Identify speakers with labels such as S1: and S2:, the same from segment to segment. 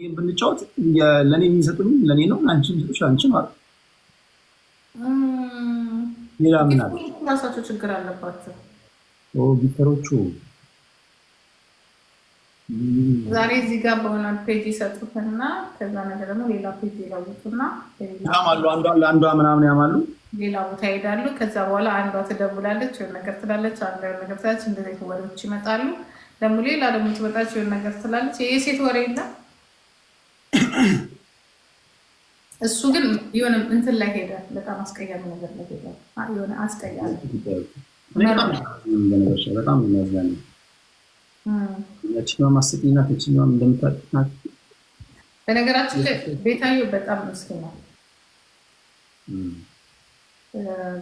S1: ይህን ብንጫወት ለእኔ የሚሰጡኝ ለእኔ ነው፣ ለአንቺ የሚሰጡሽ አንቺ ማለት ሌላ ምን አለ?
S2: ራሳቸው ችግር አለባቸው ቢተሮቹ። ዛሬ እዚህ ጋር በሆነ ፔጅ ይሰጡትና ከዛ ነገር ደግሞ ሌላ ፔጅ ይለውጡና
S1: ያማሉ፣ ምናምን ያማሉ፣
S2: ሌላ ቦታ ይሄዳሉ። ከዛ በኋላ አንዷ ትደውላለች፣ የሆነ ነገር ትላለች፣ አንዷ የሆነ ነገር ትላለች። እንደዚህ ወሬዎች ይመጣሉ። ደግሞ ሌላ ደግሞ ትመጣች፣ የሆነ ነገር ትላለች። የሴት ወሬ የለም እሱ ግን የሆነ እንትን ላይ ሄደ። በጣም አስቀያሚ ነገር ላይ ሄደ። የሆነ አስቀያሚ
S1: በጣም የሚያዝናኝ ያችኛዋ ማስቂኝ ናት። ያችኛዋ እንደምታውቅ
S2: በነገራችን ላይ ቤታዬ በጣም መስኪናል።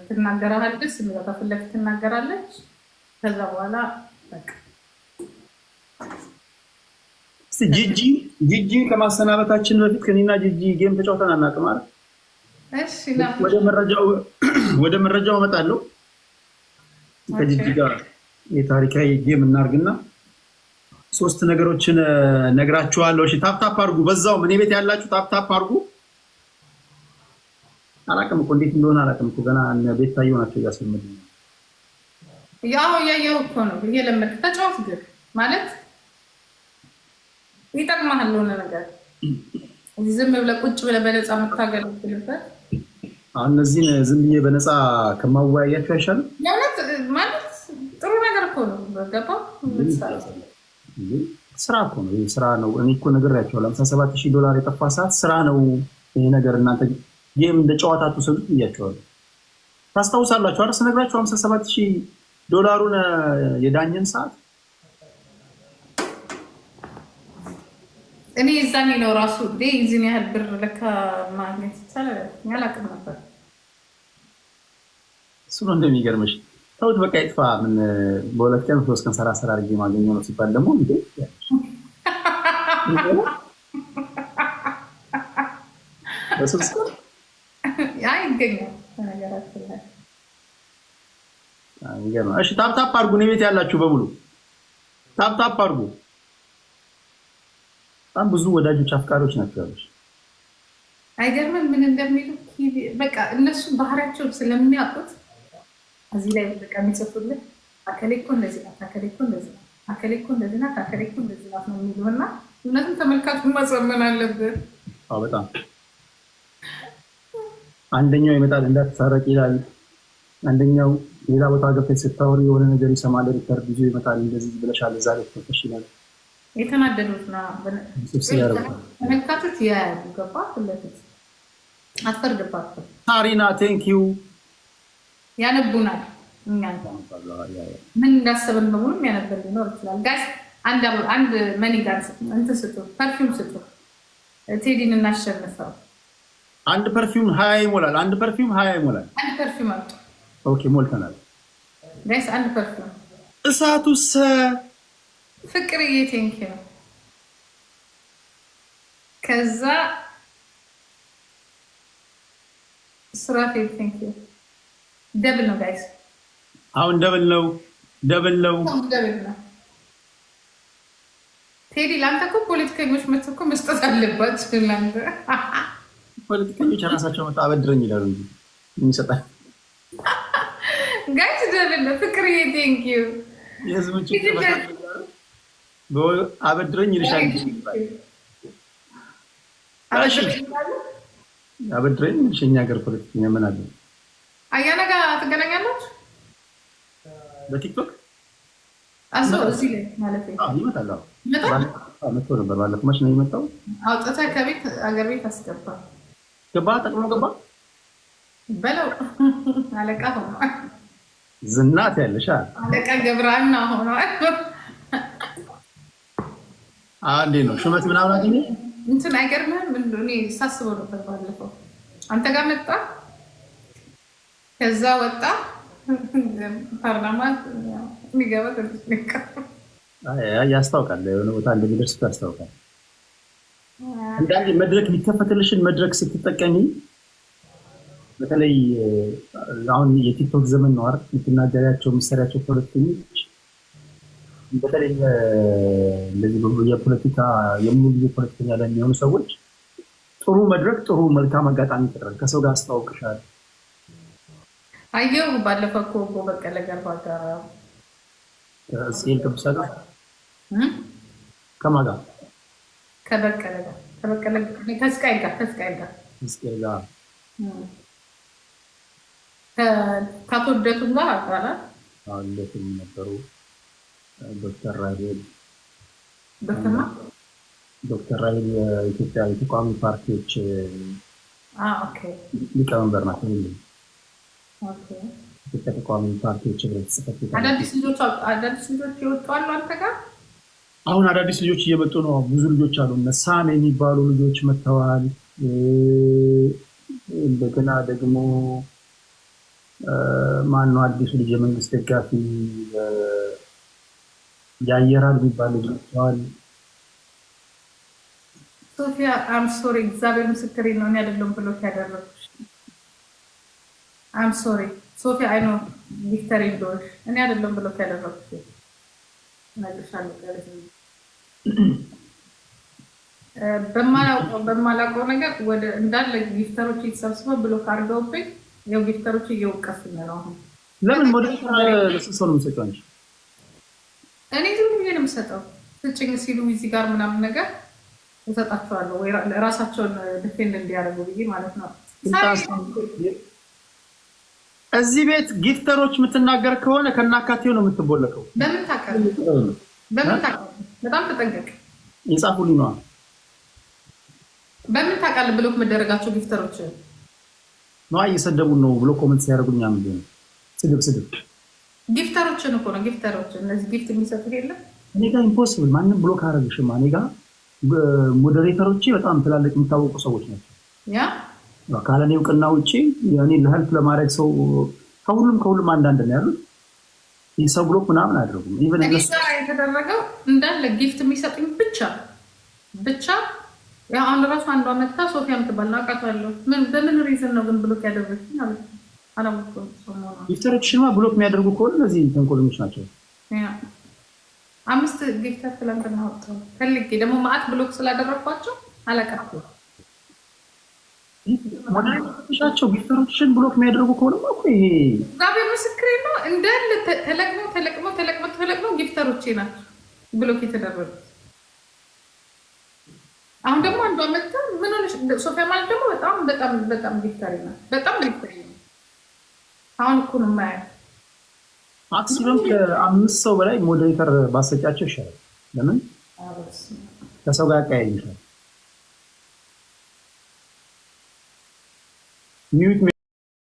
S2: ትናገራለች፣ ስሜታ ፊት ለፊት ትናገራለች። ከዛ በኋላ በቃ
S1: ጂጂ ጂጂን ከማሰናበታችን በፊት ከኔና ጂጂ ጌም ተጫውተን አናውቅም አይደል? ወደ መረጃው እመጣለሁ። ከጂጂ ጋር የታሪካዊ ጌም እናርግና ሶስት ነገሮችን ነግራችኋለሁ። እሺ ታፕታፕ አድርጉ። በዛውም እኔ ቤት ያላችሁ ታፕታፕ አድርጉ። አላውቅም እኮ እንዴት እንደሆነ አላውቅም እኮ ገና ቤት ታየው ናቸው እያስለመድ
S2: ያው እያየሁ እኮ ነው ብዬ ለመድክ ተጫወት ግን ማለት ይጠቅማል ለሆነ ነገር ዝም ብለህ ቁጭ ብለህ በነፃ የምታገለግልበት
S1: እነዚህን ዝም ብዬ በነፃ ከማወያያቸው አይሻልም?
S2: ማለት ጥሩ ነገር እኮ ነው። ገባ
S1: ስራ እኮ ነው። ስራ ነው። እኔ እኮ ሰባት ሺህ ዶላር የጠፋ ሰዓት ስራ ነው ይሄ ነገር። እናንተ ይህም እንደ ጨዋታ ታስታውሳላችሁ? አረ ስነግራችሁ ሰባት ሺህ ዶላሩን የዳኘን ሰዓት
S2: እኔ እዛኔ ነው ራሱ እንግዲህ እዚህን ያህል ብር ለካ ማግኘት ይቻላል። አላውቅም ነበር።
S1: እሱ ነው እንደሚገርምሽ ተውት፣ በቃ ይጥፋ። ምን በሁለት ቀን ሶስት ቀን ሰራ ሰራ አድርጌ ማገኘው ነው ሲባል ደግሞ እንዴ ይገኛል። እሺ፣ ታፕታፕ አድርጉ። እኔ ቤት ያላችሁ በሙሉ ታፕታፕ አድርጉ። በጣም ብዙ ወዳጆች አፍቃሪዎች ናቸው ያሉሽ።
S2: አይገርምም? ምን እንደሚሉ በቃ እነሱ ባህሪያቸውን ስለሚያውቁት እዚህ ላይ በቃ የሚጽፉልን አከሌ እኮ እንደዚህ ናት፣ አከሌ እኮ እንደዚህ ናት፣ አከሌ እኮ እንደዚህ ናት፣ አከሌ እኮ እንደዚህ ናት ነው የሚሉ እና እውነትም ተመልካቹ ማጸመን አለብን።
S1: በጣም አንደኛው ይመጣል እንዳትታረቅ ይላል። አንደኛው ሌላ ቦታ ገብተሽ ስታወሪ የሆነ ነገር ይሰማል። ሪከርድ ይዞ ይመጣል። እንደዚህ ብለሻል፣ እዛ ላይ ይላል
S2: የተናደዱት ተመልካቾች ያያሉ። ገባ ፍለፊት አትፈርድባቸው።
S1: ሳሪና ቴንኪው
S2: ያነቡናል። እኛ ምን እንዳሰብን በሙሉም ያነበብ ሊኖር ይችላል። ጋሽ አንድ መኒ ጋር እንትን ስጡ፣ ፐርፊውም ስጡ። ቴዲን እናሸንፈው።
S1: አንድ ፐርፊውም ሀያ ይሞላል። አንድ ፐርፊውም ሀያ ይሞላል።
S2: አንድ ፐርፊውም አውጡ።
S1: ኦኬ ሞልተናል።
S2: ጋሽ አንድ ፐርፊውም
S1: እሳቱ ሰ
S2: ፍቅርዬ ቴንኪ ነው። ከዛ ሱራፌል ቴንኪ ደብል ነው ጋይስ፣
S1: አሁን ደብል ነው፣ ደብል ነው፣
S2: ደብል ነው። ቴዲ ለአንተ እኮ ፖለቲከኞች እኮ መስጠት አለባቸው። ለአንተ
S1: ፖለቲከኞች ራሳቸው መጣ አበድረኝ ይላሉ እንጂ የሚሰጣል
S2: ጋይስ ደብል ነው። ፍቅርዬ ቴንኪ
S1: አበድረኝ ይልሻል። አበድረኝ ይልሽ እኛ ሀገር ፖለቲከኛ ምን አለ?
S2: አያና ጋር ትገናኛለች በቲክቶክ እዚህ ማለት
S1: ነው። ነበር ባለፈው መች ነው የመጣው?
S2: አውጥተ ከቤት አገር ቤት አስገባ
S1: ገባ ጠቅሞ ገባ
S2: በለው አለቃ ሆኗል።
S1: ዝናት ያለሻ
S2: አለቃ ገብረሃና ሆኗል።
S1: እንዴት ነው ሹመት ምናምን አገኘ
S2: እንትን አይገርምህም? እኔ ሳስበው ነበር ባለፈው አንተ ጋር መጣ፣ ከዛ ወጣ ፓርላማ የሚገባ
S1: ያስታውቃል። የሆነ ቦታ እንደሚደርስ ያስታውቃል። አንዳንድ መድረክ ሊከፈትልሽን መድረክ ስትጠቀሚ በተለይ አሁን የቲክቶክ ዘመን ነው አይደል? የምትናገሪያቸው የምትሰሪያቸው ፖለቲከኞች በተለይ እንደዚህ የፖለቲካ የሙሉ ጊዜ ፖለቲከኛ የሚሆኑ ሰዎች ጥሩ መድረክ ጥሩ መልካም አጋጣሚ ይፈጥራል። ከሰው ጋር አስተዋውቅሻል።
S2: አየሁ ባለፈው እኮ በቀለ ገርባ ጋር
S1: ስል ከብሳ ጋር ከማ ጋር
S2: ከበቀለ ጋር ከበቀለ ከስቃይ ጋር ከስቃይ ጋር ከስቃይ ጋር ከአቶ ልደቱም ጋር አቃላ
S1: ልደቱም ነበሩ ዶክተር ራሄል ዶክተር ራሄል የኢትዮጵያ የተቃዋሚ ፓርቲዎች ሊቀመንበር ናቸው። ኢትዮጵያ ተቃዋሚ ፓርቲዎች ህብረት
S2: ቤት አዳዲስ ልጆች አንተ ጋር
S1: አሁን አዳዲስ ልጆች እየመጡ ነው። ብዙ ልጆች አሉ። ሳም የሚባሉ ልጆች መጥተዋል። እንደገና ደግሞ ማነው አዲሱ ልጅ የመንግስት ደጋፊ ያየራል የሚባል ይመስለዋል።
S2: ሶፊያ አም ሶሪ እግዚአብሔር ምስክሬ ነው። እኔ አይደለሁም ብሎክ አም ሶሪ ሶፊያ አይኖ ቪክተሪ እኔ በማላውቀው በማላውቀው ነገር ወደ እንዳለ ጊፍተሮች የተሰብስበው ብሎ ካርገውብኝ ያው ጊፍተሮች እየወቀሱኝ ነው። አሁን
S1: ለምን ሞዴሬተር ሰሰሉ ነው
S2: እኔ ዝም ብዬ ነው የምሰጠው። ስጭኝ ሲሉ እዚህ ጋር ምናምን ነገር እሰጣቸዋለሁ ወይ ራሳቸውን ድፌንድ እንዲያደርጉ ብዬ ማለት ነው።
S1: እዚህ ቤት ጊፍተሮች የምትናገር ከሆነ ከናካቴው ነው የምትቦለቀው።
S2: በምን ታውቃለህ? በጣም ተጠንቀቅ። የጻፉልኝ ነዋ። በምን ታውቃለህ? ብሎክ መደረጋቸው ጊፍተሮች
S1: ነዋ። እየሰደቡን ነው ብሎ ኮመንት ሲያደርጉኝ ምንድን ስድብ ስድብ
S2: ጊፍተሮችን እኮ ነው ጊፍተሮችን፣ እነዚህ ጊፍት የሚሰጡት የለም።
S1: እኔ ጋ ኢምፖስብል ማንም ብሎክ አያደርግሽም። እኔ ጋ በጣም ትላልቅ የሚታወቁ ሰዎች ናቸው። ካለኔ እውቅና ውጭ እኔ ለህልፍ ለማድረግ ሰው ከሁሉም ከሁሉም አንዳንድ ነው ያሉት። የሰው ብሎክ ምናምን አያደርጉም።
S2: የተደረገው እንዳለ ጊፍት የሚሰጡኝ ብቻ ብቻ። አሁን ራሱ አንዷ መታ ሶፊያ ምትባል አለው። በምን ሪዝን ነው ግን ብሎክ ያደረግሽኝ?
S1: ጊፍተሮችሽማ ብሎክ የሚያደርጉ ከሆነ እነዚህ ተንኮሎች ናቸው።
S2: አምስት ጊፍተር ትላንትና ወጥተው ፈልጌ ደግሞ ማአት ብሎክ ስላደረግኳቸው አለቀቸው።
S1: ሞዴሬተሮቻቸው ጊፍተሮችን ብሎክ የሚያደርጉ ከሆነ እኮ ይሄ
S2: እግዚአብሔር ምስክሬ ነው። እንዳለ ተለቅሞ ተለቅሞ ተለቅሞ ተለቅሞ ጊፍተሮቼ ናቸው ብሎክ የተደረጉት። አሁን ደግሞ አንዷ መታ ምን ሆነሽ ሶፊያ ማለት ደግሞ በጣም በጣም በጣም ጊፍተሬ ናት። በጣም ጊፍተሬ ነው አሁን እኮ ነው የማየው።
S1: ማክሲመም ከአምስት ሰው በላይ ሞዴሬተር ባሰጫቸው ይሻላል። ለምን ከሰው ጋር ቀያይሻል ሚዩት